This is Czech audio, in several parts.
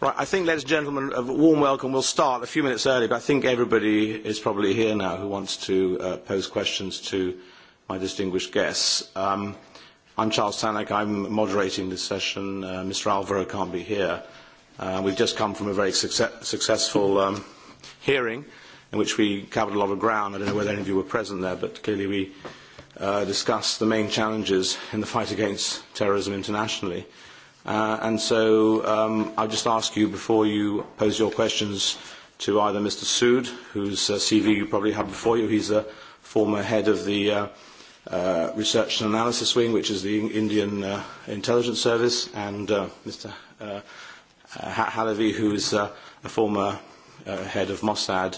Right, I think, ladies and gentlemen, a warm welcome. We'll start a few minutes early, but I think everybody is probably here now who wants to uh, pose questions to my distinguished guests. Um, I'm Charles Tannock. I'm moderating this session. Uh, Mr. Alvaro can't be here. Uh, we've just come from a very succe successful um, hearing in which we covered a lot of ground. I don't know whether any of you were present there, but clearly we uh, discussed the main challenges in the fight against terrorism internationally. Uh, and so um, I'll just ask you before you pose your questions to either Mr. Sood, whose uh, CV you probably have before you. He's the former head of the uh, uh, Research and Analysis Wing, which is the Indian uh, Intelligence Service, and uh, Mr. Uh, uh Halavi, who is uh, a former uh, head of Mossad,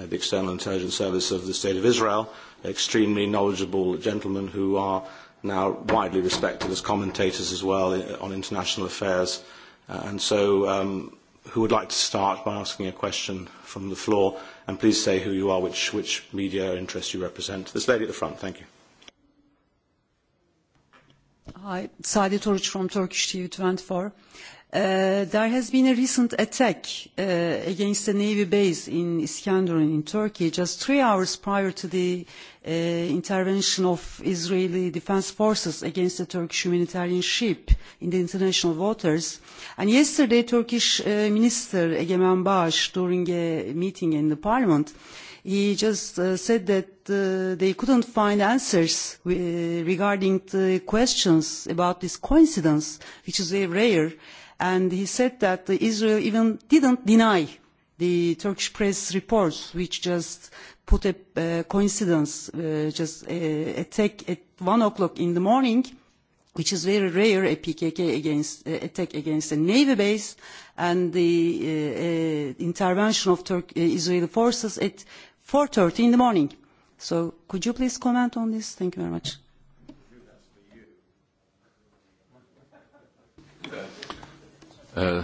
uh, the External Intelligence Service of the State of Israel, extremely knowledgeable gentlemen who are now widely respected as commentators as well eh, on international affairs. Uh, and so um, who would like to start by asking a question from the floor? And please say who you are, which, which media interest you represent. This lady at the front, thank you. Hi, Saadet Oruç from Turkish TV24. Eh, there has been a recent attack uh, against a navy base in Iskenderun in Turkey just three hours prior to the uh, intervention of Israeli defense forces against a Turkish humanitarian ship in the international waters. And yesterday, Turkish Minister Egemen Baş, during a meeting in the parliament, he just uh, said that uh, they couldn't find answers uh, regarding the questions about this coincidence, which is very rare and he said that Israel even didn't deny the Turkish press reports, which just put a uh, coincidence, uh, just a attack at one o'clock in the morning, which is very rare, a PKK against, uh, attack against a navy base, and the uh, uh, intervention of Turk uh, Israeli forces at 4.30 in the morning. So could you please comment on this? Thank you very much. Uh,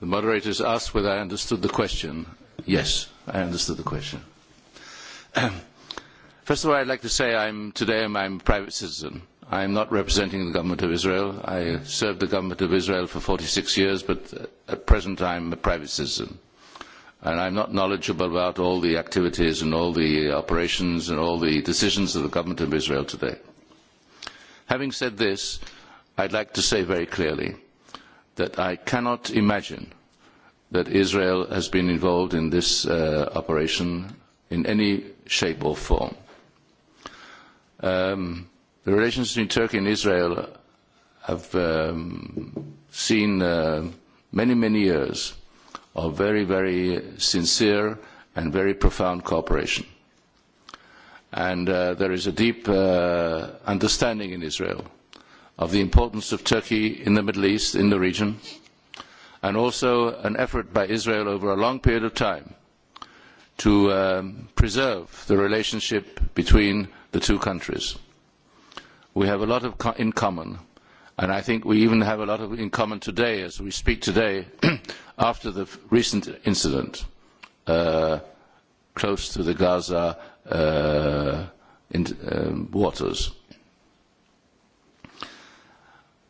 the moderators asked whether I understood the question. Yes, I understood the question. First of all, I'd like to say I'm, today I'm, I'm a private citizen. I'm not representing the government of Israel. I served the government of Israel for 46 years, but at present I'm a private citizen. And I'm not knowledgeable about all the activities and all the operations and all the decisions of the government of Israel today. Having said this, I'd like to say very clearly that I cannot imagine that Israel has been involved in this uh, operation in any shape or form. Um, the relations between Turkey and Israel have um, seen uh, many, many years of very, very sincere and very profound cooperation. And uh, there is a deep uh, understanding in Israel of the importance of Turkey in the Middle East, in the region, and also an effort by Israel over a long period of time to um, preserve the relationship between the two countries. We have a lot of co in common, and I think we even have a lot of in common today as we speak today after the recent incident uh, close to the Gaza uh, in, um, waters.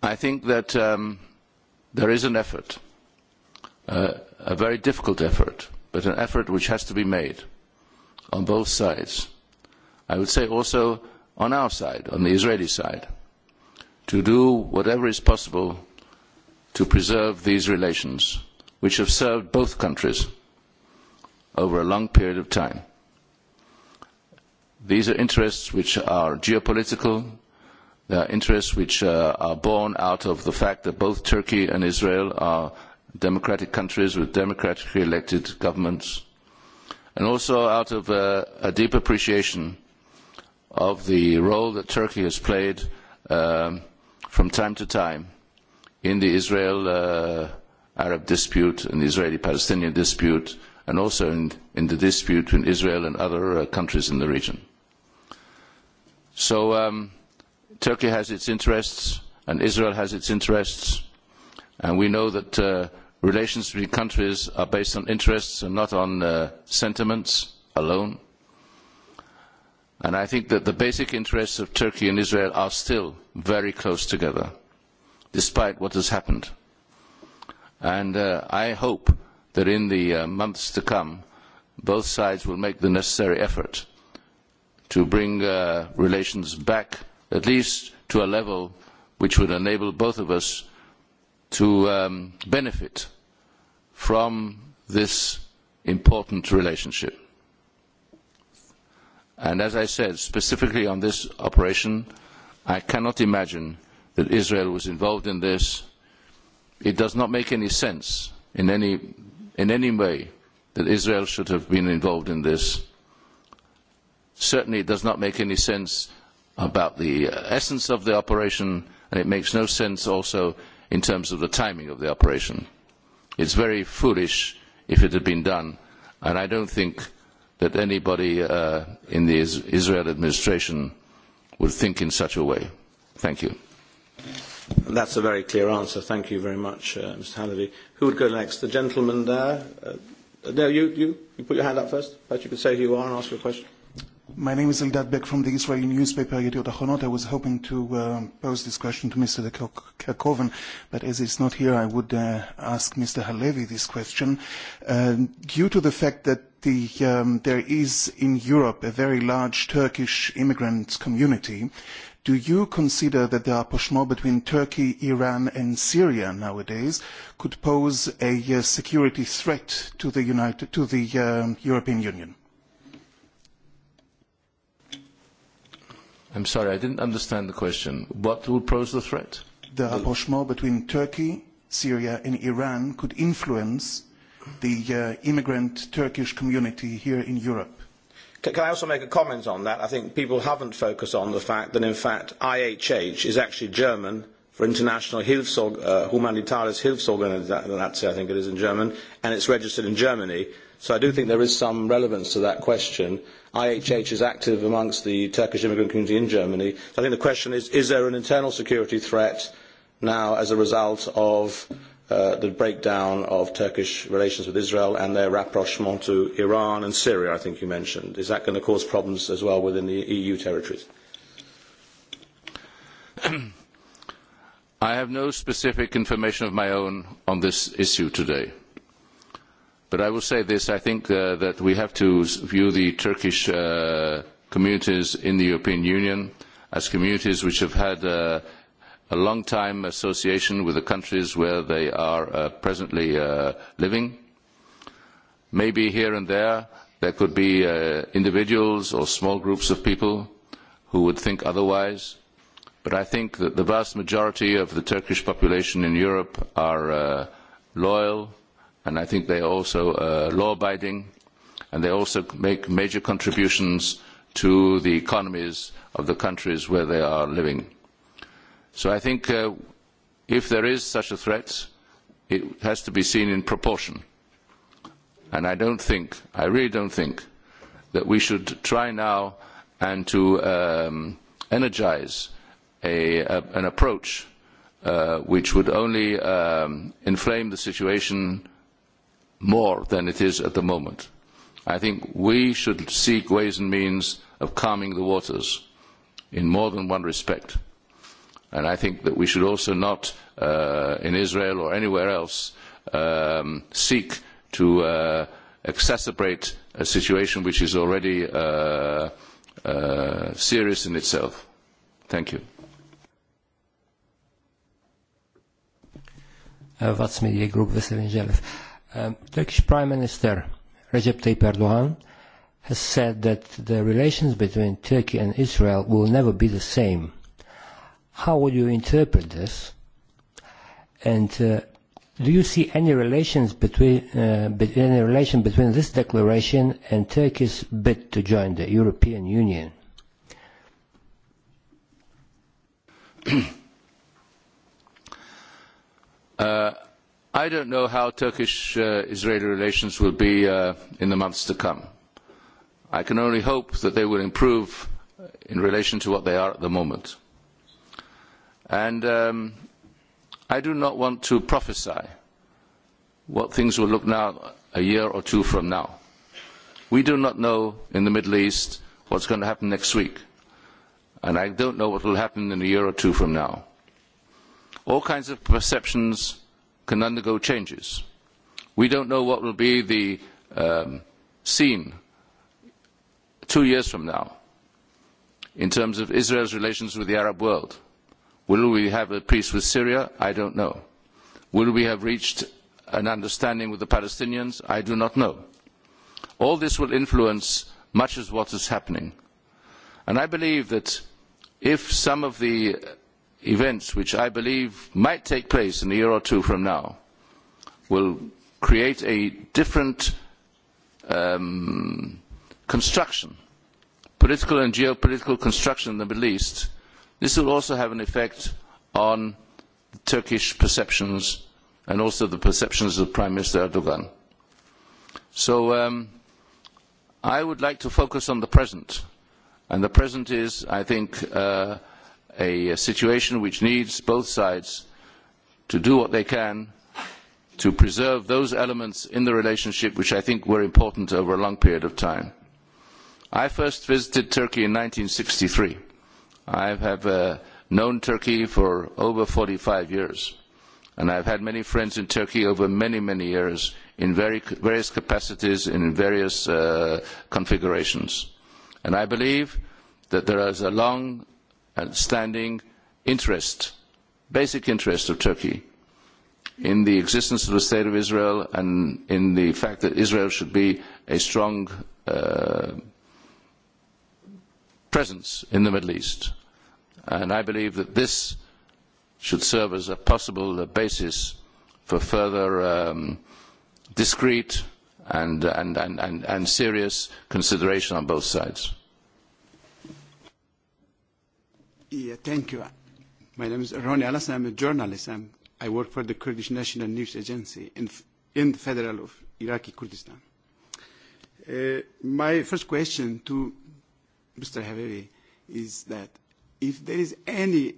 I think that um, there is an effort, uh, a very difficult effort, but an effort which has to be made on both sides. I would say also on our side, on the Israeli side, to do whatever is possible to preserve these relations, which have served both countries over a long period of time. These are interests which are geopolitical, Uh, interests which uh, are born out of the fact that both Turkey and Israel are democratic countries with democratically elected governments, and also out of a, uh, a deep appreciation of the role that Turkey has played um, from time to time in the Israel uh, Arab dispute and the Israeli Palestinian dispute, and also in, in, the dispute between Israel and other uh, countries in the region. So um, Turkey has its interests and Israel has its interests, and we know that uh, relations between countries are based on interests and not on uh, sentiments alone. And I think that the basic interests of Turkey and Israel are still very close together, despite what has happened. And uh, I hope that in the uh, months to come, both sides will make the necessary effort to bring uh, relations back at least to a level which would enable both of us to um, benefit from this important relationship. And as I said, specifically on this operation, I cannot imagine that Israel was involved in this. It does not make any sense in any, in any way that Israel should have been involved in this. Certainly it does not make any sense about the uh, essence of the operation, and it makes no sense also in terms of the timing of the operation. It's very foolish if it had been done, and I don't think that anybody uh, in the Israel administration would think in such a way. Thank you. That's a very clear answer. Thank you very much, uh, Mr. Halaby. Who would go next? The gentleman there? Uh, no, you, you, you put your hand up first. Perhaps you could say who you are and ask your question. My name is Eldad Beck from the Israeli newspaper Yediot Achonot. I was hoping to uh, pose this question to Mr. Kerkoven, but as he's not here, I would uh, ask Mr. Halevi this question. Uh, due to the fact that the, um, there is in Europe a very large Turkish immigrant community, do you consider that the rapprochement between Turkey, Iran and Syria nowadays could pose a uh, security threat to the, United, to the um, European Union? I'm sorry, I didn't understand the question. What will pose the threat? The rapprochement between Turkey, Syria, and Iran could influence the uh, immigrant Turkish community here in Europe. Can, I also make a comment on that? I think people haven't focused on the fact that, in fact, IHH is actually German for International Hilfsorg uh, Humanitaris Hilfsorganisation, I think it is in German, and it's registered in Germany. So I do think there is some relevance to that question IHH is active amongst the Turkish immigrant community in Germany. So I think the question is, is there an internal security threat now as a result of uh, the breakdown of Turkish relations with Israel and their rapprochement to Iran and Syria, I think you mentioned. Is that going to cause problems as well within the EU territories? I have no specific information of my own on this issue today. But I will say this, I think uh, that we have to view the Turkish uh, communities in the European Union as communities which have had uh, a long time association with the countries where they are uh, presently uh, living. Maybe here and there there could be uh, individuals or small groups of people who would think otherwise, but I think that the vast majority of the Turkish population in Europe are uh, loyal, and I think they are also uh, law-abiding, and they also make major contributions to the economies of the countries where they are living. So I think uh, if there is such a threat, it has to be seen in proportion. And I don't think, I really don't think, that we should try now and to um, energize a, a, an approach uh, which would only um, inflame the situation more than it is at the moment. I think we should seek ways and means of calming the waters in more than one respect. And I think that we should also not, uh, in Israel or anywhere else, um, seek to uh, exacerbate a situation which is already uh, uh, serious in itself. Thank you. Uh, Um, Turkish Prime Minister Recep Tayyip Erdogan has said that the relations between Turkey and Israel will never be the same. How would you interpret this? And uh, do you see any relations between uh, any relation between this declaration and Turkey's bid to join the European Union? uh, i don't know how Turkish-Israeli uh, relations will be uh, in the months to come. I can only hope that they will improve uh, in relation to what they are at the moment. And um, I do not want to prophesy what things will look now a year or two from now. We do not know in the Middle East what's going to happen next week. And I don't know what will happen in a year or two from now. All kinds of perceptions can undergo changes. We don't know what will be the um, scene two years from now in terms of Israel's relations with the Arab world. Will we have a peace with Syria? I don't know. Will we have reached an understanding with the Palestinians? I do not know. All this will influence much of what is happening. And I believe that if some of the events which I believe might take place in a year or two from now will create a different um, construction, political and geopolitical construction in the Middle East, this will also have an effect on Turkish perceptions and also the perceptions of Prime Minister Erdogan. So um, I would like to focus on the present. And the present is, I think, uh, a, situation which needs both sides to do what they can to preserve those elements in the relationship which I think were important over a long period of time. I first visited Turkey in 1963. I have uh, known Turkey for over 45 years, and I've had many friends in Turkey over many, many years in very, various capacities, and in various uh, configurations. And I believe that there is a long and standing interest, basic interest of Turkey in the existence of the State of Israel and in the fact that Israel should be a strong uh, presence in the Middle East. And I believe that this should serve as a possible uh, basis for further um, discreet and, and, and, and serious consideration on both sides. Yeah, thank you. My name is Ronnie Alas. I'm a journalist. I'm, I work for the Kurdish National News Agency in, in the federal of Iraqi Kurdistan. Uh, my first question to Mr. Haveri is that if there is any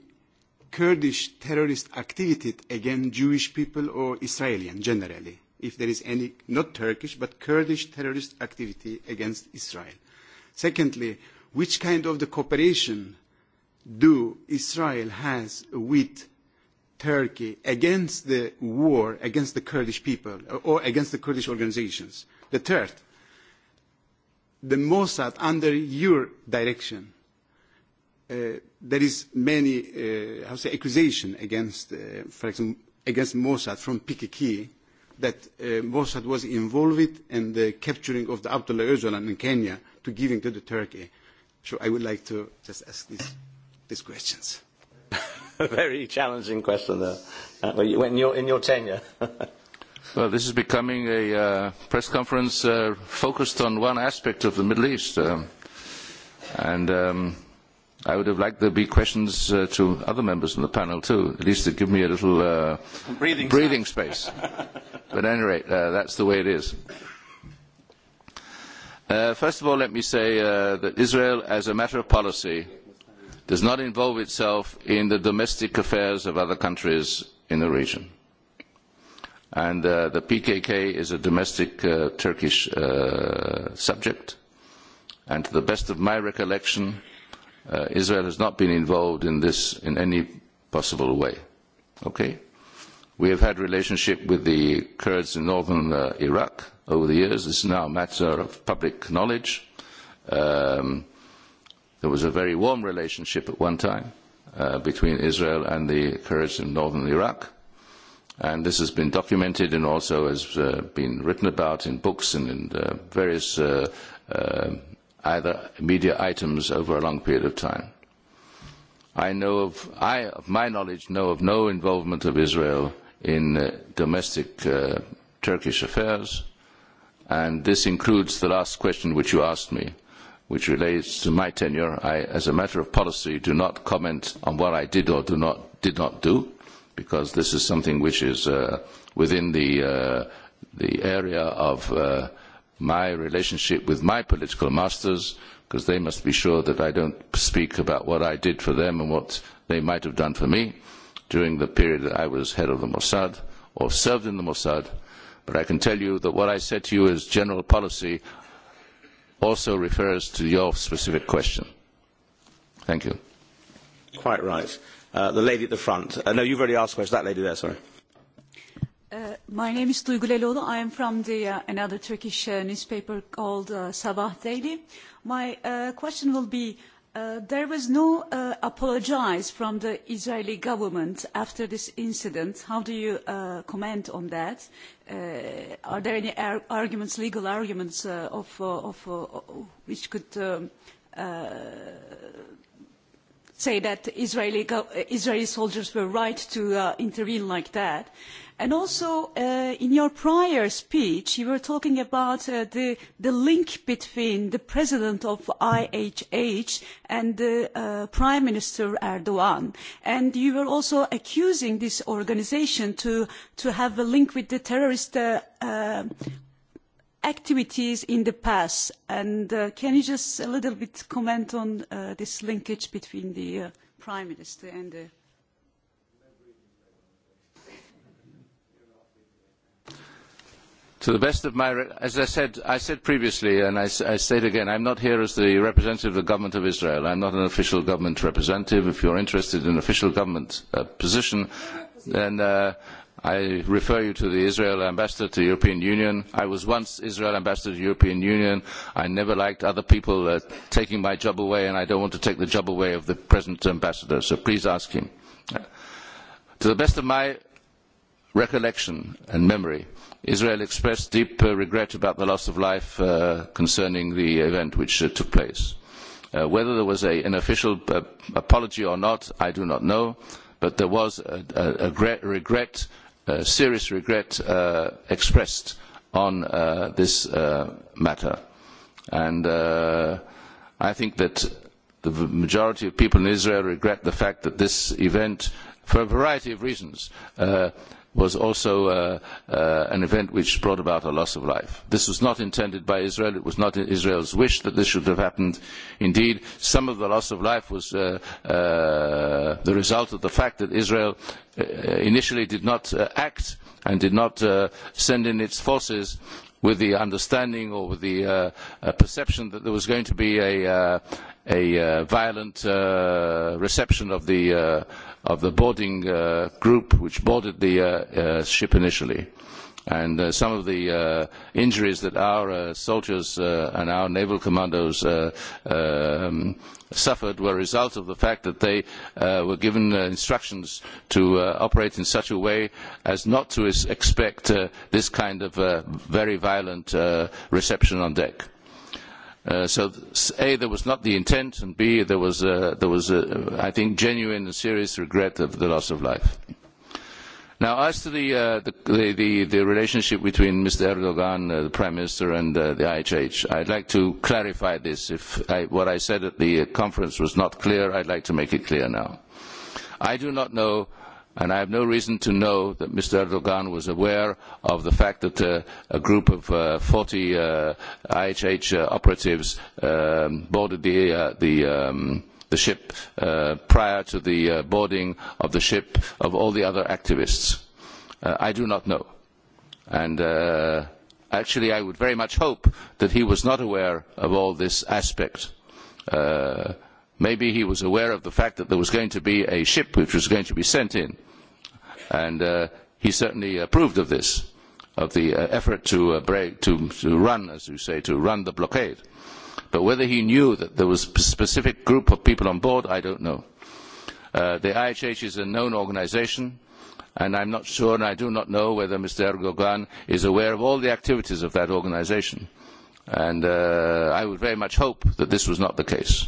Kurdish terrorist activity against Jewish people or Israelis generally, if there is any, not Turkish, but Kurdish terrorist activity against Israel. Secondly, which kind of the cooperation do Israel has with Turkey against the war against the Kurdish people or against the Kurdish organizations. The third, the Mossad under your direction. Uh, there is many, uh, how say, accusation against, uh, for example, against Mossad from PKK that uh, Mossad was involved in the capturing of the Abdullah Öcalan in Kenya to giving to the Turkey. So I would like to just ask this these questions. A very challenging question, though, uh, when you're in your tenure. Well, this is becoming a uh, press conference uh, focused on one aspect of the Middle East. Um, and um, I would have liked there be questions uh, to other members in the panel, too, at least to give me a little uh, breathing, breathing space. but at any rate, uh, that's the way it is. Uh, first of all, let me say uh, that Israel, as a matter of policy, uh, does not involve itself in the domestic affairs of other countries in the region. And uh, the PKK is a domestic uh, Turkish uh, subject. And to the best of my recollection, uh, Israel has not been involved in this in any possible way. Okay? We have had relationship with the Kurds in northern uh, Iraq over the years. This is now a matter of public knowledge. Um, There was a very warm relationship at one time uh, between Israel and the Kurds in northern Iraq. And this has been documented and also has uh, been written about in books and in uh, various uh, uh, either media items over a long period of time. I know of, I, of my knowledge, know of no involvement of Israel in uh, domestic uh, Turkish affairs, and this includes the last question which you asked me which relates to my tenure, I, as a matter of policy, do not comment on what I did or do not, did not do, because this is something which is uh, within the, uh, the area of uh, my relationship with my political masters, because they must be sure that I don't speak about what I did for them and what they might have done for me during the period that I was head of the Mossad or served in the Mossad. But I can tell you that what I said to you is general policy, also refers to your specific question. Thank you. Quite right. Uh, the lady at the front. Uh, no, you've already asked a question. That lady there, sorry. Uh, my name is Duygu Leloğlu. I am from the, uh, another Turkish uh, newspaper called uh, Sabah Daily. My uh, question will be, uh, Uh, there was no uh, apologize from the Israeli government after this incident. How do you uh, comment on that? Uh, are there any ar arguments, legal arguments, uh, of, uh, of uh, which could um, uh, say that Israeli, Israeli soldiers were right to uh, intervene like that? Uh, And also, uh, in your prior speech, you were talking about uh, the, the link between the president of IHH and the uh, Prime Minister Erdogan. And you were also accusing this organization to, to have a link with the terrorist uh, uh, activities in the past. And uh, can you just a little bit comment on uh, this linkage between the uh, Prime Minister and the to the best of my, as I said, I said previously, and I, I state again, i am not here as the representative of the government of Israel. i am not an official government representative. If you are interested in an official government uh, position, then uh, I refer you to the Israel ambassador to the European Union. I was once Israel ambassador to the European Union. I never liked other people uh, taking my job away, and I do not want to take the job away of the present ambassador. So please ask him. To the best of my recollection and memory, Israel expressed deep uh, regret about the loss of life uh, concerning the event which uh, took place. whether there was an official apology or not, I do not know, but there was a, a, a regret, serious regret expressed on this matter. I think that the majority of people in Israel regret the fact that this event, for a variety of reasons, was also uh, uh, an event which brought about a loss of life. This was not intended by Israel. It was not Israel's wish that this should have happened. Indeed, some of the loss of life was uh, uh, the result of the fact that Israel uh, initially did not uh, act and did not uh, send in its forces with the understanding or with the uh, uh, perception that there was going to be a, uh, a uh, violent uh, reception of the, uh, of the boarding uh, group which boarded the uh, uh, ship initially. And uh, some of the uh, injuries that our uh, soldiers uh, and our naval commandos uh, um, suffered were a result of the fact that they uh, were given uh, instructions to uh, operate in such a way as not to expect uh, this kind of uh, very violent uh, reception on deck. Uh, so a there was not the intent and b there was a, uh, there was a, uh, I think genuine and serious regret of the loss of life. Now as to the uh, the, the, the relationship between Mr. Erdogan, uh, the Prime Minister, and uh, the IHH, I'd like to clarify this. If I, what I said at the conference was not clear, I'd like to make it clear now. I do not know and I have no reason to know that Mr. Erdogan was aware of the fact that uh, a group of uh, 40 uh, IHH uh, operatives um, boarded the, uh, the, um, the ship uh, prior to the uh, boarding of the ship of all the other activists. Uh, I do not know. And uh, actually, I would very much hope that he was not aware of all this aspect. Uh, Maybe he was aware of the fact that there was going to be a ship which was going to be sent in. And uh, he certainly approved of this, of the uh, effort to, uh, break, to, to run, as you say, to run the blockade. But whether he knew that there was a specific group of people on board, I don't know. Uh, the IHH is a known organization, and I'm not sure, and I do not know whether Mr. Erdogan is aware of all the activities of that organization. And uh, I would very much hope that this was not the case.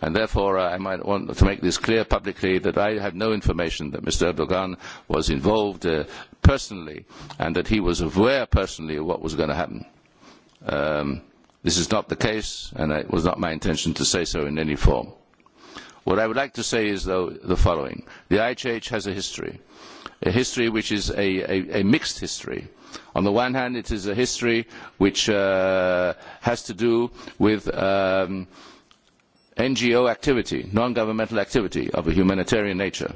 And therefore, uh, I might want to make this clear publicly that I have no information that Mr. Erdogan was involved uh, personally and that he was aware personally of what was going to happen. Um, this is not the case, and it was not my intention to say so in any form. What I would like to say is, though, the following. The IHH has a history, a history which is a, a, a mixed history. On the one hand, it is a history which uh, has to do with um, NGO activity, non-governmental activity of a humanitarian nature.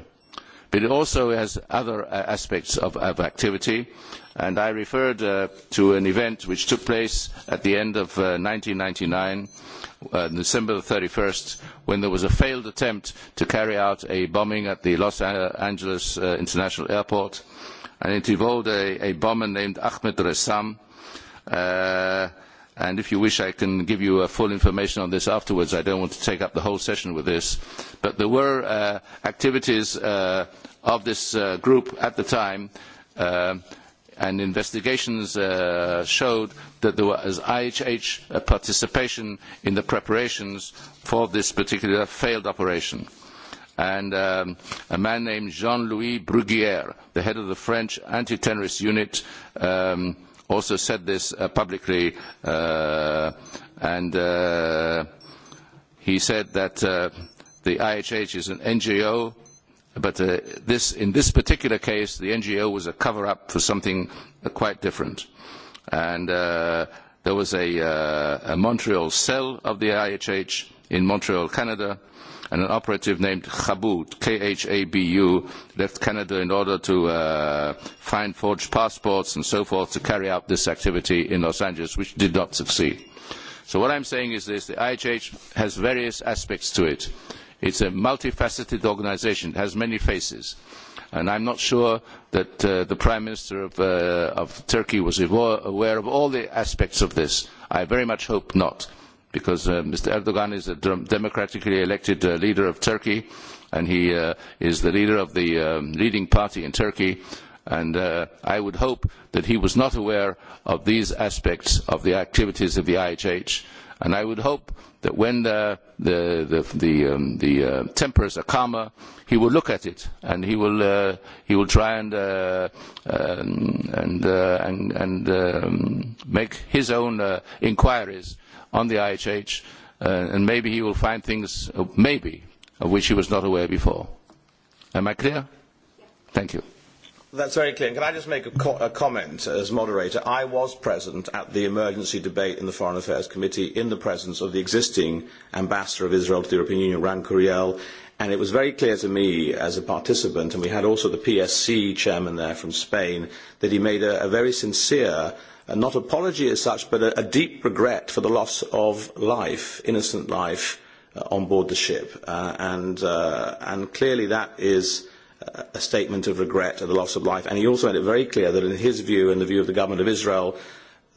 But it also has other uh, aspects of, of activity, and I referred uh, to an event which took place at the end of uh, 1999, uh, December 31st, when there was a failed attempt to carry out a bombing at the Los Angeles uh, International Airport, and it involved a, a bomber named Ahmed Ressam, uh, and if you wish I can give you uh, full information on this afterwards. I don't want to take up the whole session with this. But there were uh, activities uh, of this uh, group at the time uh, and investigations uh, showed that there was IHH uh, participation in the preparations for this particular failed operation. And um, a man named Jean-Louis Bruguière, the head of the French anti-terrorist unit, um, also said this uh, publicly, uh, and uh, he said that uh, the IHH is an NGO, but uh, this, in this particular case, the NGO was a cover-up for something quite different. And uh, there was a, a, Montreal cell of the IHH in Montreal, Canada, and an operative named Khabut, K-H-A-B-U, left Canada in order to uh, find forged passports and so forth to carry out this activity in Los Angeles, which did not succeed. So what I'm saying is this, the IHH has various aspects to it. It's a multifaceted organization, it has many faces. And I'm not sure that uh, the Prime Minister of, uh, of Turkey was aware of all the aspects of this. I very much hope not because uh, Mr. Erdogan is a democratically elected uh, leader of Turkey, and he uh, is the leader of the um, leading party in Turkey. And uh, I would hope that he was not aware of these aspects of the activities of the IHH. And I would hope that when the the the, the, um, the uh, tempers are calmer, he will look at it and he will uh, he will try and uh, um, and, uh, and and um, make his own uh, inquiries on the IHH, uh, and maybe he will find things uh, maybe of which he was not aware before. Am I clear? Thank you. That's very clear. can I just make a, co- a comment as moderator? I was present at the emergency debate in the Foreign Affairs Committee in the presence of the existing ambassador of Israel to the European Union, Ran Kuriel, and it was very clear to me as a participant, and we had also the PSC chairman there from Spain, that he made a, a very sincere uh, not apology as such, but a, a deep regret for the loss of life, innocent life, uh, on board the ship. Uh, and, uh, and clearly that is a statement of regret at the loss of life. And he also made it very clear that in his view and the view of the government of Israel,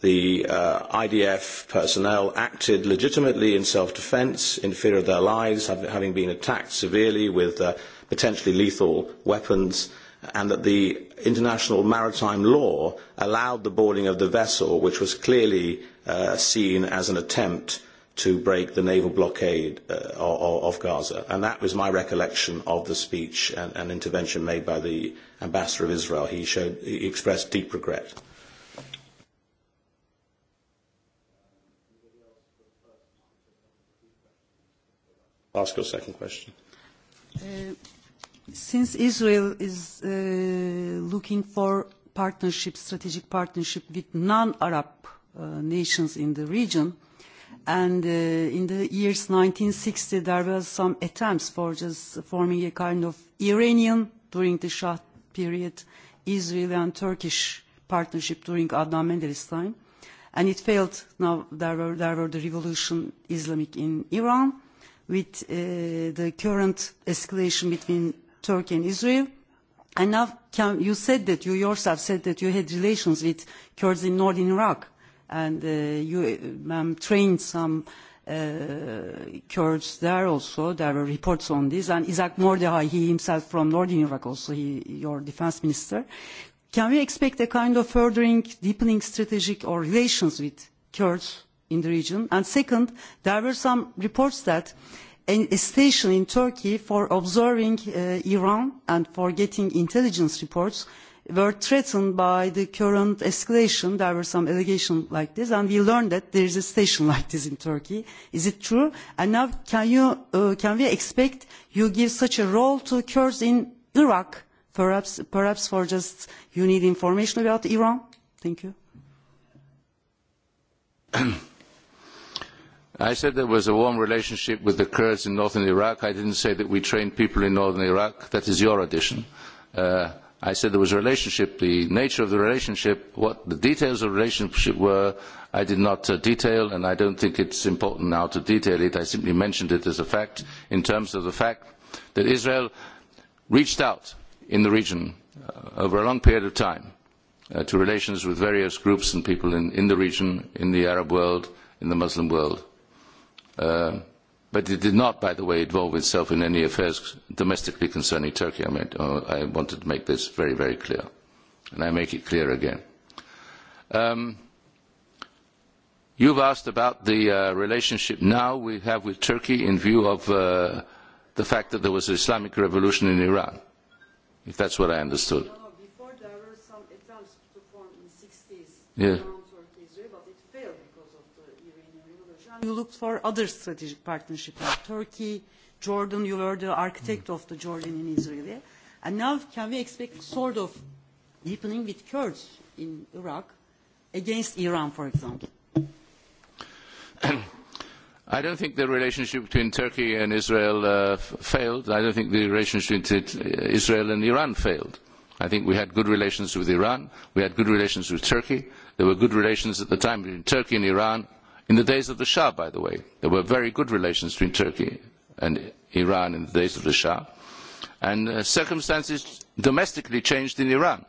the uh, IDF personnel acted legitimately in self-defense in fear of their lives, having been attacked severely with uh, potentially lethal weapons, and that the international maritime law allowed the boarding of the vessel, which was clearly uh, seen as an attempt to break the naval blockade uh, of, of Gaza. And that was my recollection of the speech and, and intervention made by the ambassador of Israel. He, showed, he expressed deep regret. Ask your second question. Uh, since Israel is uh, looking for partnership, strategic partnership with non-Arab uh, nations in the region, and uh, in the years 1960 there was some attempts for just forming a kind of Iranian during the Shah period, Israeli and Turkish partnership during Adnan Menderes time, and it failed. Now there were there were the revolution Islamic in Iran, with uh, the current escalation between Turkey and Israel. And now, can, you said that you yourself said that you had relations with Kurds in northern Iraq and uh, you um, trained some Uh, Kurds there also. There are reports on this. And Isaac Mordehai, he himself from northern Iraq also, he, your defense minister. Can we expect a kind of furthering, deepening strategic or relations with Kurds in the region? And second, there were some reports that a station in Turkey for observing uh, Iran and for getting intelligence reports were threatened by the current escalation. There were some allegations like this, and we learned that there is a station like this in Turkey. Is it true? And now, can, you, uh, can we expect you give such a role to Kurds in Iraq? Perhaps, perhaps for just you need information about Iran. Thank you. I said there was a warm relationship with the Kurds in northern Iraq. I didn't say that we trained people in northern Iraq. That is your addition. Uh, i said there was a relationship, the nature of the relationship, what the details of the relationship were, I did not uh, detail, and I don't think it's important now to detail it. I simply mentioned it as a fact in terms of the fact that Israel reached out in the region uh, over a long period of time uh, to relations with various groups and people in, in the region, in the Arab world, in the Muslim world. Uh, but it did not, by the way, involve itself in any affairs domestically concerning Turkey. I, meant, oh, I wanted to make this very, very clear, and I make it clear again. Um, you've asked about the uh, relationship now we have with Turkey in view of uh, the fact that there was an Islamic revolution in Iran, if that's what I understood. No, no, before there were some attempts to form in the 60s. Yeah. Uh, you looked for other strategic partnerships like Turkey, Jordan, you were the architect of the Jordan and Israeli. And now can we expect sort of deepening with Kurds in Iraq against Iran, for example? I don't think the relationship between Turkey and Israel uh, failed. I don't think the relationship between Israel and Iran failed. I think we had good relations with Iran. We had good relations with Turkey. There were good relations at the time between Turkey and Iran In the days of the Shah, by the way, there were very good relations between Turkey and Iran in the days of the Shah. And uh, circumstances domestically changed in Iran.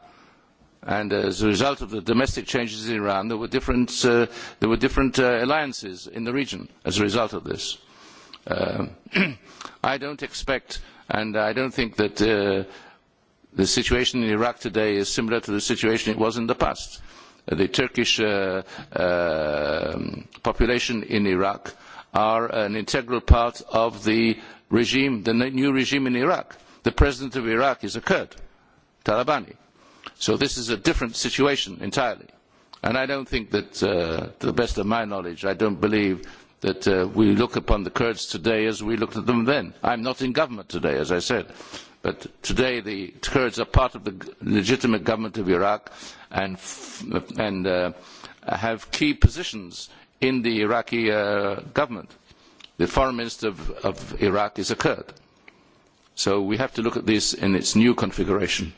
And uh, as a result of the domestic changes in Iran, there were different, uh, there were different uh, alliances in the region as a result of this. Uh, I don't expect, and I don't think that uh, the situation in Iraq today is similar to the situation it was in the past. Uh, the Turkish uh, uh, population in Iraq are an integral part of the regime, the new regime in Iraq. The president of Iraq is a Kurd, Talabani. So this is a different situation entirely. And I don't think that, uh, to the best of my knowledge, I don't believe that uh, we look upon the Kurds today as we looked at them then. I'm not in government today, as I said. But today the Kurds are part of the legitimate government of Iraq and, and uh, have key positions in the Iraqi uh, government. The foreign minister of, of Iraq is a Kurd. So we have to look at this in its new configuration.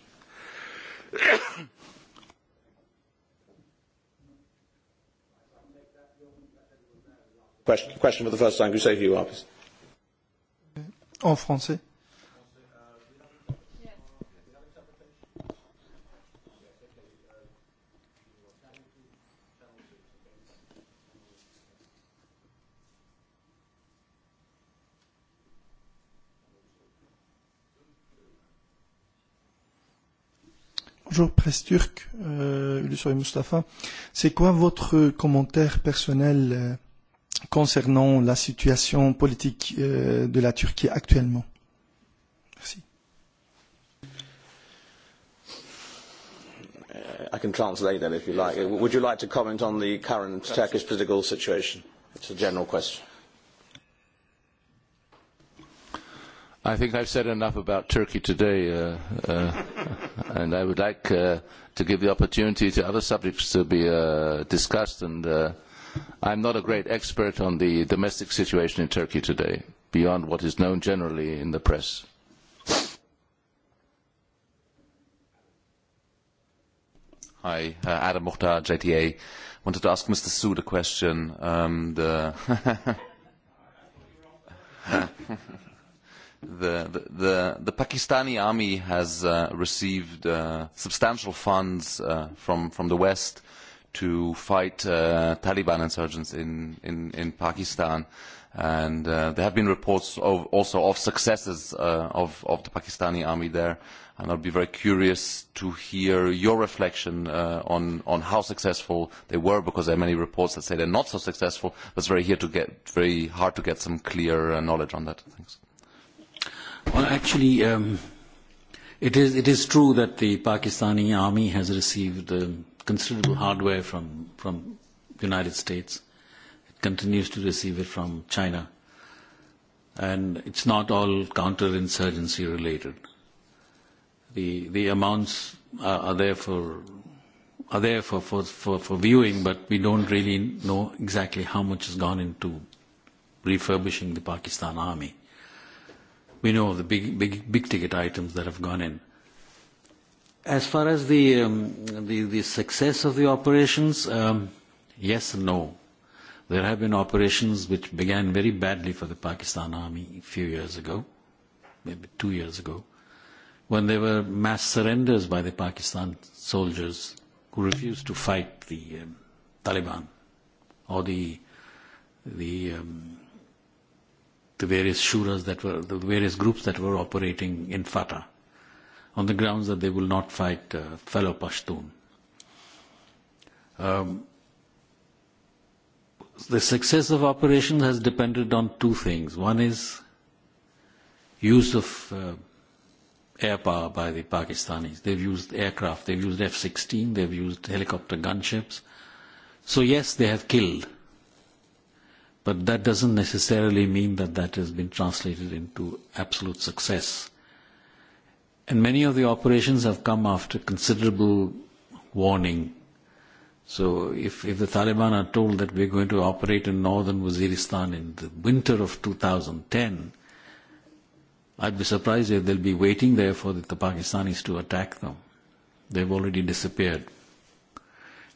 question, question for the first time. you say who you are, please? En français. Bonjour, presse turque, euh, Ulusoy Mustafa. C'est quoi votre commentaire personnel euh, concernant la situation politique euh, de la Turquie actuellement Merci. Uh, I can translate that if you like. Uh, would you like to comment on the current Turkish political situation? It's a general question. I think I've said enough about Turkey today. Uh, uh, and I would like uh, to give the opportunity to other subjects to be uh, discussed. And uh, I'm not a great expert on the domestic situation in Turkey today, beyond what is known generally in the press. Hi, uh, Adam Mukhtar, JTA. Wanted to ask Mr. Sood a question. Um, the the, the, the Pakistani army has uh, received uh, substantial funds uh, from, from the West to fight uh, Taliban insurgents in, in, in Pakistan. And uh, there have been reports of, also of successes uh, of, of the Pakistani army there. And I'd be very curious to hear your reflection uh, on, on how successful they were, because there are many reports that say they're not so successful. But it's very, here to get, very hard to get some clear uh, knowledge on that. Thanks. Well, actually, um, it is it is true that the Pakistani army has received uh, considerable hardware from from the United States. It continues to receive it from China, and it's not all counterinsurgency related. The the amounts are, are there for are there for, for, for, for viewing, but we don't really know exactly how much has gone into refurbishing the Pakistan army we know the big, big, big ticket items that have gone in. As far as the, um, the, the success of the operations, um, yes and no. There have been operations which began very badly for the Pakistan Army a few years ago, maybe two years ago, when there were mass surrenders by the Pakistan soldiers who refused to fight the um, Taliban or the, the um, the various shuras that were the various groups that were operating in Fatah, on the grounds that they will not fight uh, fellow Pashtun. Um, the success of operations has depended on two things. One is use of uh, air power by the Pakistanis. They've used aircraft, they've used F-16, they've used helicopter gunships. So yes, they have killed But that doesn't necessarily mean that that has been translated into absolute success. And many of the operations have come after considerable warning. So if, if the Taliban are told that we're going to operate in northern Waziristan in the winter of 2010, I'd be surprised if they'll be waiting there for the, the Pakistanis to attack them. They've already disappeared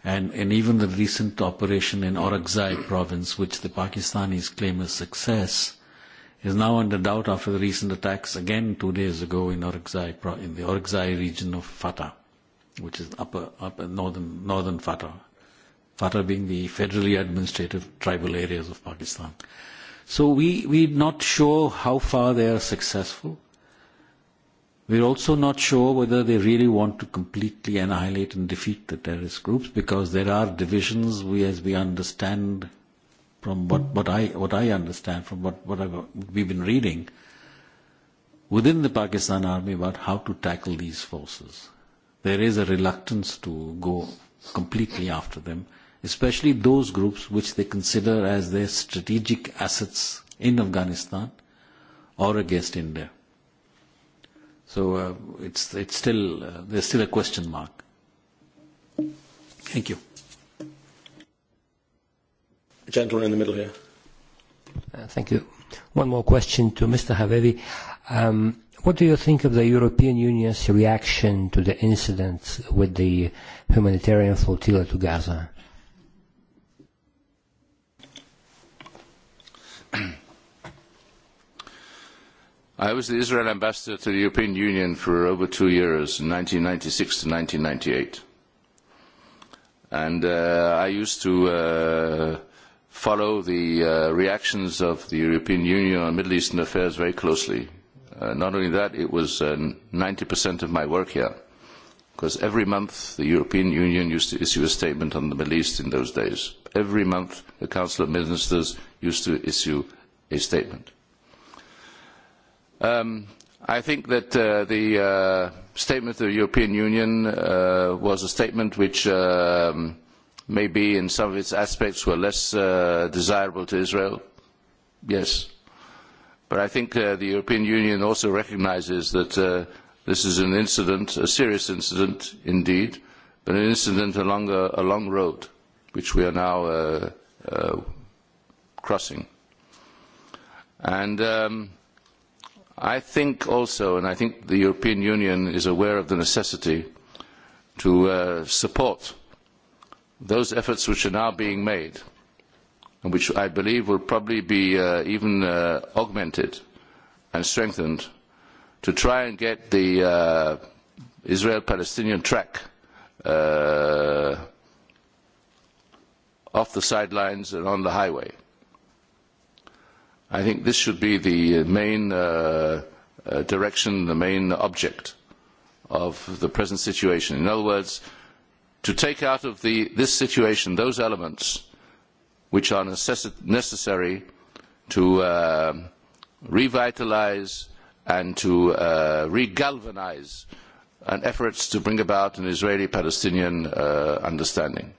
and, and even the recent operation in Orakzai province, which the Pakistanis claim as success, is now under doubt after the recent attacks again two days ago in Aurangzai, in the Orakzai region of Fatah, which is upper, upper northern, northern Fatah, Fatah being the federally administrative tribal areas of Pakistan. So we, we're not sure how far they are successful. We're also not sure whether they really want to completely annihilate and defeat the terrorist groups because there are divisions we, as we understand from what, what, I, what I understand from what, what I've, we've been reading within the Pakistan army about how to tackle these forces. There is a reluctance to go completely after them, especially those groups which they consider as their strategic assets in Afghanistan or against India. So uh, it's, it's still, uh, there's still a question mark. Thank you. The gentleman in the middle here. Uh, thank you. One more question to Mr. Havevi. Um, what do you think of the European Union's reaction to the incident with the humanitarian flotilla to Gaza? I was the Israel ambassador to the European Union for over two years, 1996 to 1998. And uh, I used to uh, follow the uh, reactions of the European Union on Middle Eastern affairs very closely. Uh, not only that, it was uh, of my work here, because every month the European Union used to issue a statement on the Middle East in those days. Every month the Council of Ministers used to issue a statement Um, I think that uh, the uh, statement of the European Union uh, was a statement which um, maybe in some of its aspects were less uh, desirable to Israel. Yes. But I think uh, the European Union also recognizes that uh, this is an incident, a serious incident indeed, but an incident along a, a long road, which we are now uh, uh, crossing. And... Um, i think also, and I think the European Union is aware of the necessity to uh, support those efforts which are now being made and which I believe will probably be uh, even uh, augmented and strengthened to try and get the uh, Israel-Palestinian track uh, off the sidelines and on the highway. I think this should be the uh, main uh, uh, direction, the main object of the present situation. In other words, to take out of the, this situation those elements which are necess necessary to uh, revitalise and to uh, regalvanise and efforts to bring about an Israeli-Palestinian uh, understanding.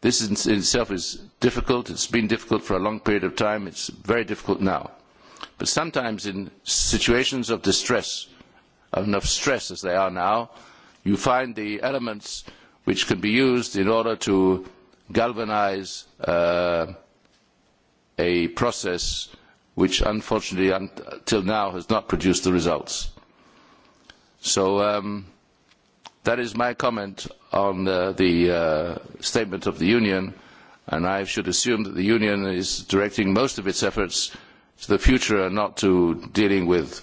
This in itself is difficult. It's been difficult for a long period of time. It's very difficult now. But sometimes in situations of distress, enough stress as they are now, you find the elements which can be used in order to galvanize uh, a process which unfortunately until now has not produced the results. So um, that is my comment on uh, the uh, statement of the Union, and I should assume that the Union is directing most of its efforts to the future and not to dealing with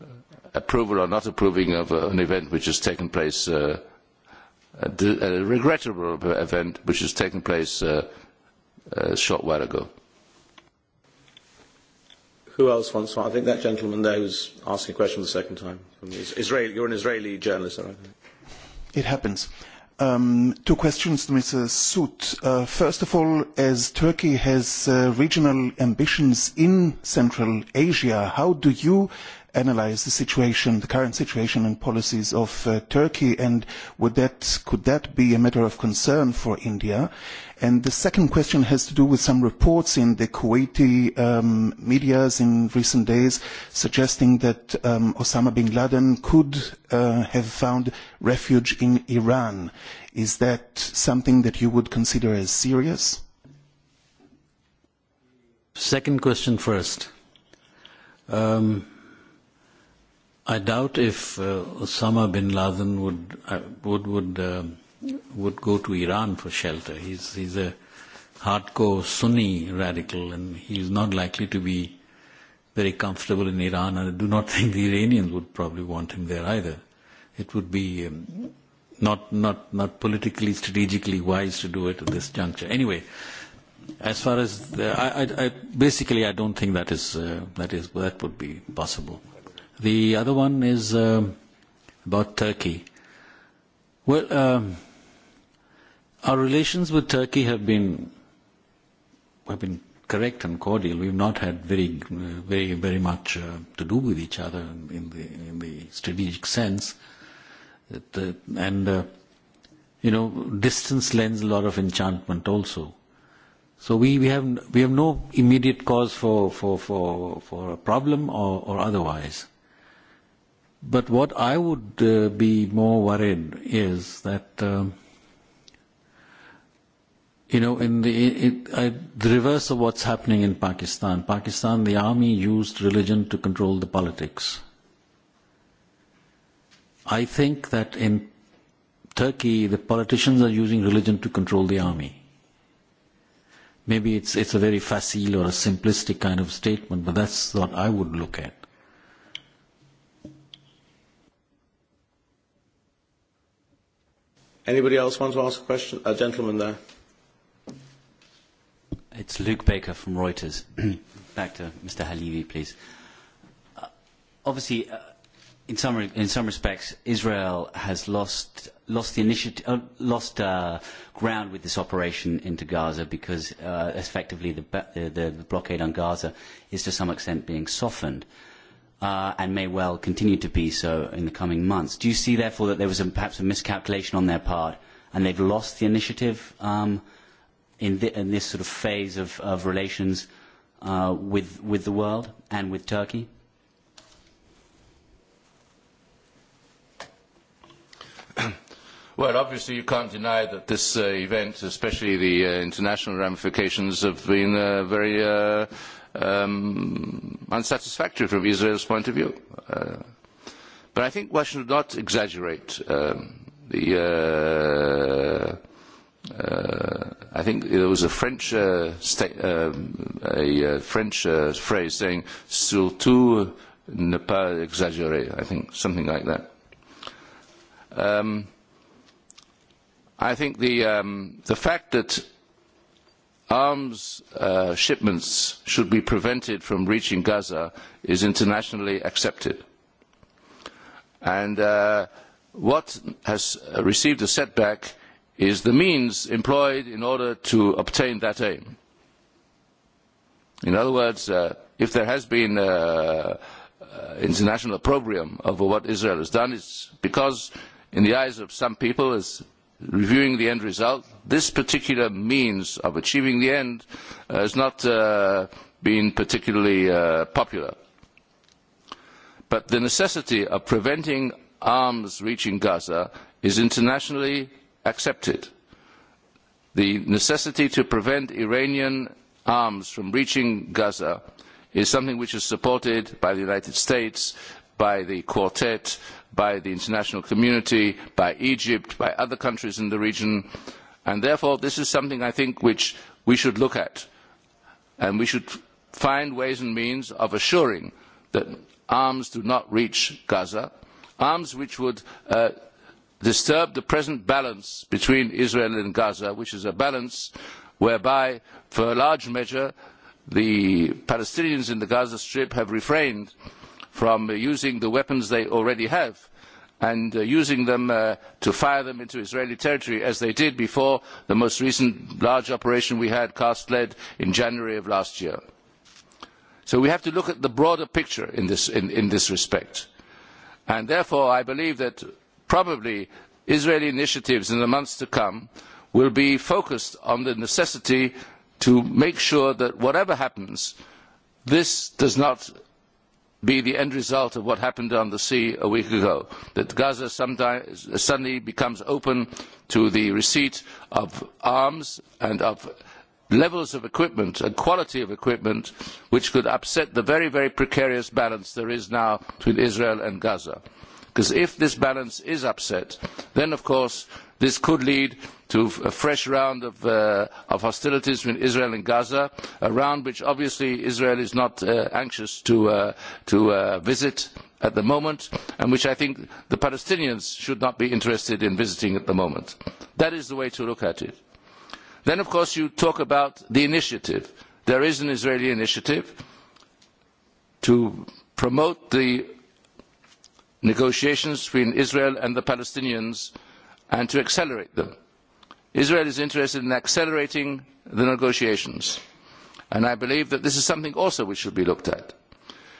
uh, approval or not approving of uh, an event which has taken place, uh, a, a, regrettable event which has taken place uh, a short while ago. Who else wants one? I think that gentleman there who's asking a question for the second time. From the you're an Israeli journalist, aren't you? It happens. Um, two questions to Mr. Soot. Uh, first of all, as Turkey has uh, regional ambitions in Central Asia, how do you analyze the situation, the current situation and policies of uh, Turkey, and would that, could that be a matter of concern for India? And the second question has to do with some reports in the Kuwaiti um, medias in recent days suggesting that um, Osama bin Laden could uh, have found refuge in Iran. Is that something that you would consider as serious? Second question first. Um, i doubt if uh, Osama bin Laden would uh, would would uh, would go to Iran for shelter. He's he's a hardcore Sunni radical, and he's not likely to be very comfortable in Iran. And I do not think the Iranians would probably want him there either. It would be um, not not not politically strategically wise to do it at this juncture. Anyway. As far as the, I, I, I, basically, I don't think that is uh, that is that would be possible. The other one is um, about Turkey. Well, um, our relations with Turkey have been have been correct and cordial. We've not had very, very, very much uh, to do with each other in the in the strategic sense. It, uh, and uh, you know, distance lends a lot of enchantment also. So we, we have we have no immediate cause for for for, for a problem or, or otherwise. But what I would uh, be more worried is that, um, you know, in the, it, it, I, the reverse of what's happening in Pakistan. Pakistan, the army used religion to control the politics. I think that in Turkey, the politicians are using religion to control the army. Maybe it's, it's a very facile or a simplistic kind of statement, but that's what I would look at. Anybody else want to ask a question? A gentleman there. It's Luke Baker from Reuters. Back to Mr. Halivi, please. Uh, obviously, uh, in some re- in some respects, Israel has lost lost the initiative, uh, lost uh, ground with this operation into Gaza because uh, effectively the, the the blockade on Gaza is to some extent being softened. Uh, Uh, and may well continue to be so in the coming months. Do you see, therefore, that there was a, perhaps a miscalculation on their part and they've lost the initiative um, in, the, in, this sort of phase of, of relations uh, with, with the world and with Turkey? Well, obviously, you can't deny that this uh, event, especially the uh, international ramifications, have been uh, very uh, um, unsatisfactory from Israel's point of view. Uh, but I think one should not exaggerate um, the. Uh, uh, I think there was a French uh, sta- um, uh, a, French uh, phrase saying "surtout ne pas exagérer." I think something like that. Um, I think the um, the fact that arms uh, shipments should be prevented from reaching Gaza is internationally accepted. And uh, what has received a setback is the means employed in order to obtain that aim. In other words, uh, if there has been uh, uh, international opprobrium over what Israel has done, it's because in the eyes of some people, as reviewing the end result. This particular means of achieving the end uh, has not uh, been particularly uh, popular. But the necessity of preventing arms reaching Gaza is internationally accepted. The necessity to prevent Iranian arms from reaching Gaza is something which is supported by the United States, by the Quartet, by the international community, by Egypt, by other countries in the region. And therefore, this is something I think which we should look at. And we should find ways and means of assuring that arms do not reach Gaza, arms which would uh, disturb the present balance between Israel and Gaza, which is a balance whereby, for a large measure, the Palestinians in the Gaza Strip have refrained uh, from uh, using the weapons they already have and uh, using them uh, to fire them into Israeli territory, as they did before the most recent large operation we had, cast lead, in January of last year. So we have to look at the broader picture in this, in, in this respect. And therefore, I believe that probably Israeli initiatives in the months to come will be focused on the necessity to make sure that whatever happens, this does not be the end result of what happened on the sea a week ago, that Gaza suddenly becomes open to the receipt of arms and of levels of equipment and quality of equipment which could upset the very, very precarious balance there is now between Israel and Gaza. Because if this balance is upset, then of course This could lead to a fresh round of, uh, of hostilities between Israel and Gaza, a round which obviously Israel is not uh, anxious to, uh, to uh, visit at the moment, and which I think the Palestinians should not be interested in visiting at the moment. That is the way to look at it. Then, of course, you talk about the initiative. There is an Israeli initiative to promote the negotiations between Israel and the Palestinians – and to accelerate them. Israel is interested in accelerating the negotiations, and I believe that this is something also which should be looked at.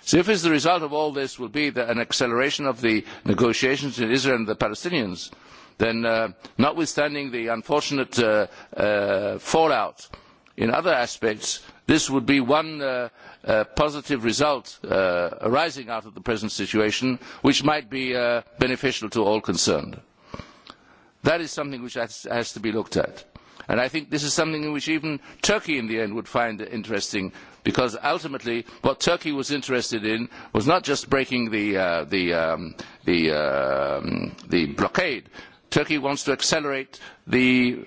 So if the result of all this will be an acceleration of the negotiations in Israel and the Palestinians, then uh, notwithstanding the unfortunate uh, uh, fallout in other aspects, this would be one uh, uh, positive result uh, arising out of the present situation, which might be uh, beneficial to all concerned. That is something which has, has to be looked at. And I think this is something which even Turkey in the end would find interesting, because ultimately what Turkey was interested in was not just breaking the, uh, the, um, the, uh, the blockade. Turkey wants to accelerate the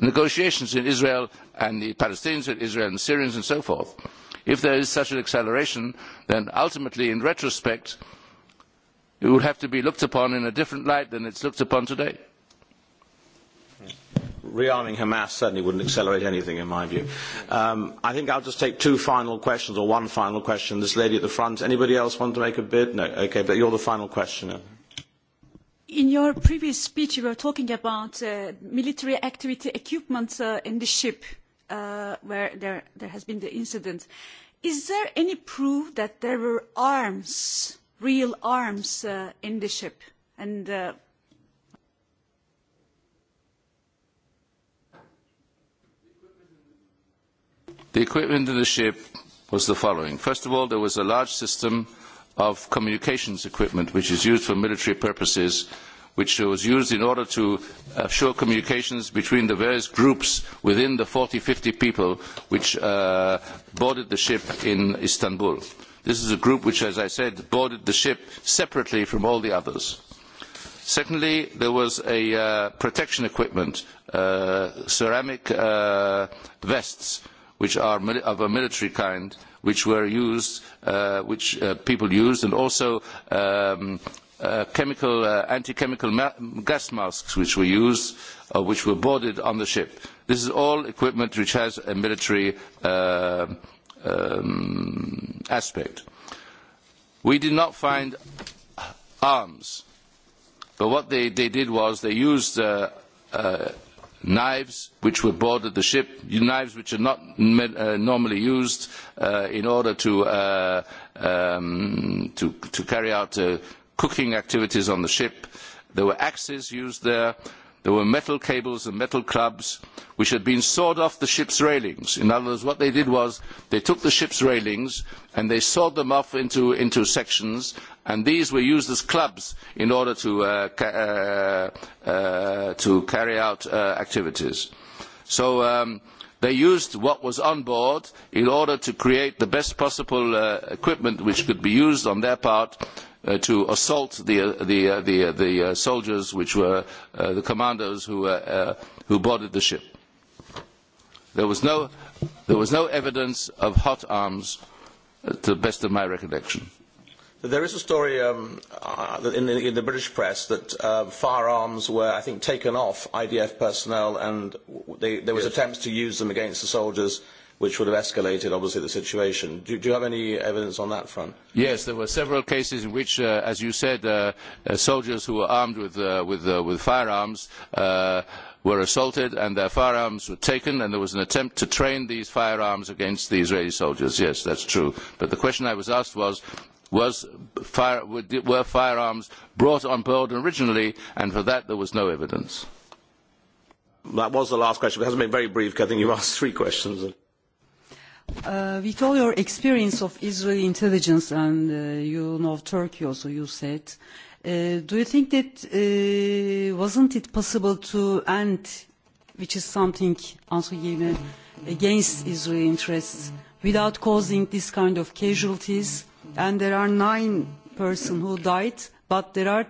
negotiations in Israel and the Palestinians in Israel and the Syrians and so forth. If there is such an acceleration, then ultimately, in retrospect, it would have to be looked upon in a different light than it's looked upon today rearming Hamas certainly wouldn't accelerate anything, in my view. Um, I think I'll just take two final questions, or one final question. This lady at the front. Anybody else want to make a bid? No. Okay, but you're the final questioner. In your previous speech, you were talking about uh, military activity equipment uh, in the ship uh, where there, there has been the incident. Is there any proof that there were arms, real arms, uh, in the ship? And uh, The equipment in the ship was the following. First of all, there was a large system of communications equipment which is used for military purposes, which was used in order to assure communications between the various groups within the 40, 50 people which uh, boarded the ship in Istanbul. This is a group which, as I said, boarded the ship separately from all the others. Secondly, there was a uh, protection equipment, uh, ceramic uh, vests, which are of a military kind, which were used, uh, which uh, people used, and also um, uh, chemical, uh, anti-chemical ma gas masks which were used, uh, which were boarded on the ship. This is all equipment which has a military uh, um, aspect. We did not find arms, but what they, they did was they used uh, uh, knives which were boarded the ship, knives which are not uh, normally used uh, in order to, uh, um, to, to, carry out uh, cooking activities on the ship. There were axes used there. There were metal cables and metal clubs which had been sawed off the ship's railings. In other words, what they did was they took the ship's railings and they sawed them off into, into sections, and these were used as clubs in order to, uh, ca uh, uh, to carry out uh, activities. So um, they used what was on board in order to create the best possible uh, equipment which could be used on their part Uh, to assault the uh, the uh, the, uh, the uh, soldiers, which were uh, the commandos who who boarded the ship. There was no there was no evidence of hot arms, to the best of my recollection. There is a story um, in, the, in, the, British press that firearms were, I think, taken off IDF personnel, and they, there was yes. attempts to use them against the soldiers which would have escalated, obviously, the situation. Do, do you have any evidence on that front? Yes, there were several cases in which, uh, as you said, uh, uh, soldiers who were armed with, uh, with, uh, with firearms uh, were assaulted and their firearms were taken, and there was an attempt to train these firearms against the Israeli soldiers. Yes, that's true. But the question I was asked was, was fire, were firearms brought on board originally, and for that there was no evidence. That was the last question. It hasn't been very brief. I think you asked three questions. Uh, with all your experience of Israeli intelligence and uh, you know Turkey also, you said, uh, do you think that uh, wasn't it possible to end, which is something also given uh, against Israeli interests, without causing this kind of casualties? And there are nine persons who died, but there are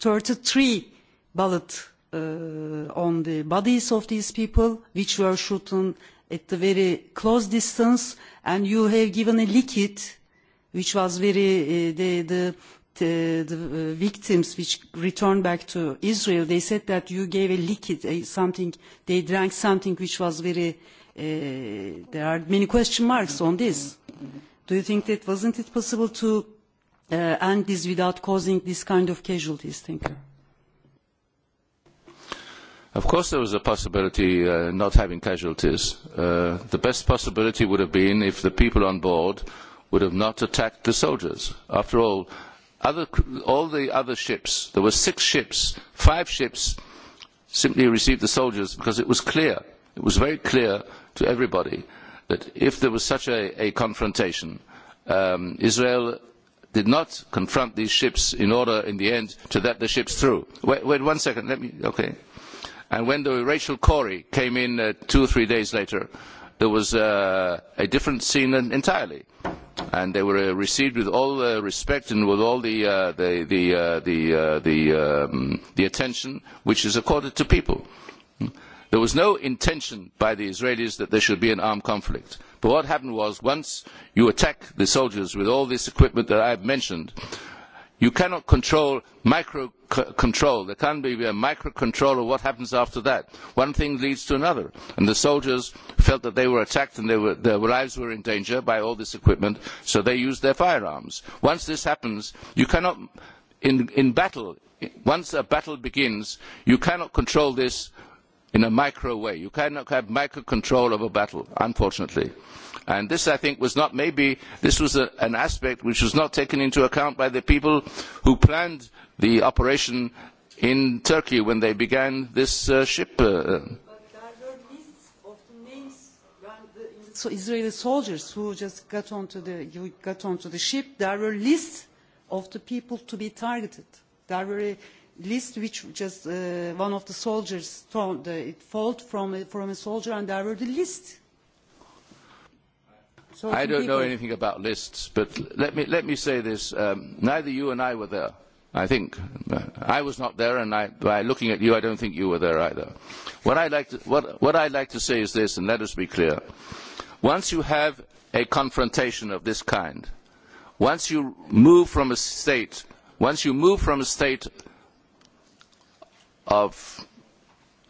33 bullets uh, on the bodies of these people, which were shot at a very close distance, and you have given a liquid, which was very, uh, the, the, the, the uh, victims which returned back to Israel, they said that you gave a liquid, a, something, they drank something which was very, uh, there are many question marks on this. Do you think that wasn't it possible to uh, end this without causing this kind of casualties? Thank you. Of course, there was a possibility uh, not having casualties. Uh, the best possibility would have been if the people on board would have not attacked the soldiers. After all, other, all the other ships, there were six ships, five ships simply received the soldiers because it was clear, it was very clear to everybody that if there was such a, a confrontation, um, Israel did not confront these ships in order, in the end, to let the ships through. Wait, wait one second, let me, okay. And when Rachel Corrie came in uh, two or three days later, there was uh, a different scene entirely. And they were uh, received with all the respect and with all the, uh, the, the, uh, the, uh, the, um, the attention which is accorded to people. There was no intention by the Israelis that there should be an armed conflict. But what happened was once you attack the soldiers with all this equipment that I've mentioned, You cannot control micro control. There can be a micro control of what happens after that. One thing leads to another. And the soldiers felt that they were attacked and they were, their lives were in danger by all this equipment, so they used their firearms. Once this happens, you cannot, in, in battle, once a battle begins, you cannot control this in a micro way. You cannot have micro control of a battle, unfortunately. And this, I think, was not maybe, this was a, an aspect which was not taken into account by the people who planned the operation in Turkey when they began this uh, ship. Uh, so Israeli soldiers who just got onto the got onto the ship. There were lists of the people to be targeted. There were list which just uh, one of the soldiers told the, uh, it fought from a, uh, from a soldier and there were the list so I don't know anything about lists, but let me, let me say this. Um, neither you and I were there, I think. I was not there, and I, by looking at you, I don't think you were there either. What I like to, what, what I'd like to say is this, and let us be clear. Once you have a confrontation of this kind, once you move from a state, once you move from a state of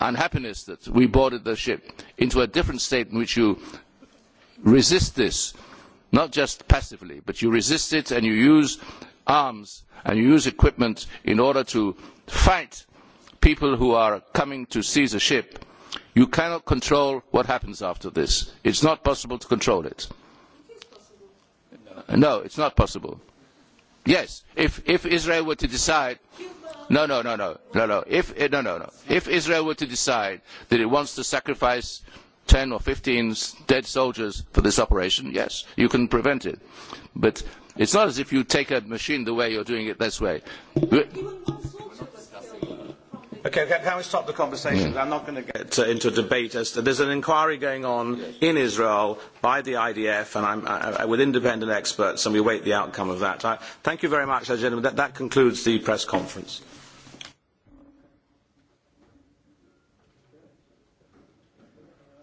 unhappiness that we boarded the ship into a different state in which you resist this, not just passively, but you resist it and you use arms and you use equipment in order to fight people who are coming to seize a ship. You cannot control what happens after this. It's not possible to control it. No, it's not possible Yes, if, if Israel were to decide, no, no, no, no, no, no, if, eh, no, no, no, if Israel were to decide that it wants to sacrifice 10 or 15 dead soldiers for this operation, yes, you can prevent it. But it's not as if you take a machine the way you're doing it this way. Okay, can we stop the conversation? Mm. I'm not going to get into a debate. As to, there's an inquiry going on in Israel by the IDF and I'm, I, with independent experts, and we wait the outcome of that. I, thank you very much, gentlemen. That, that concludes the press conference.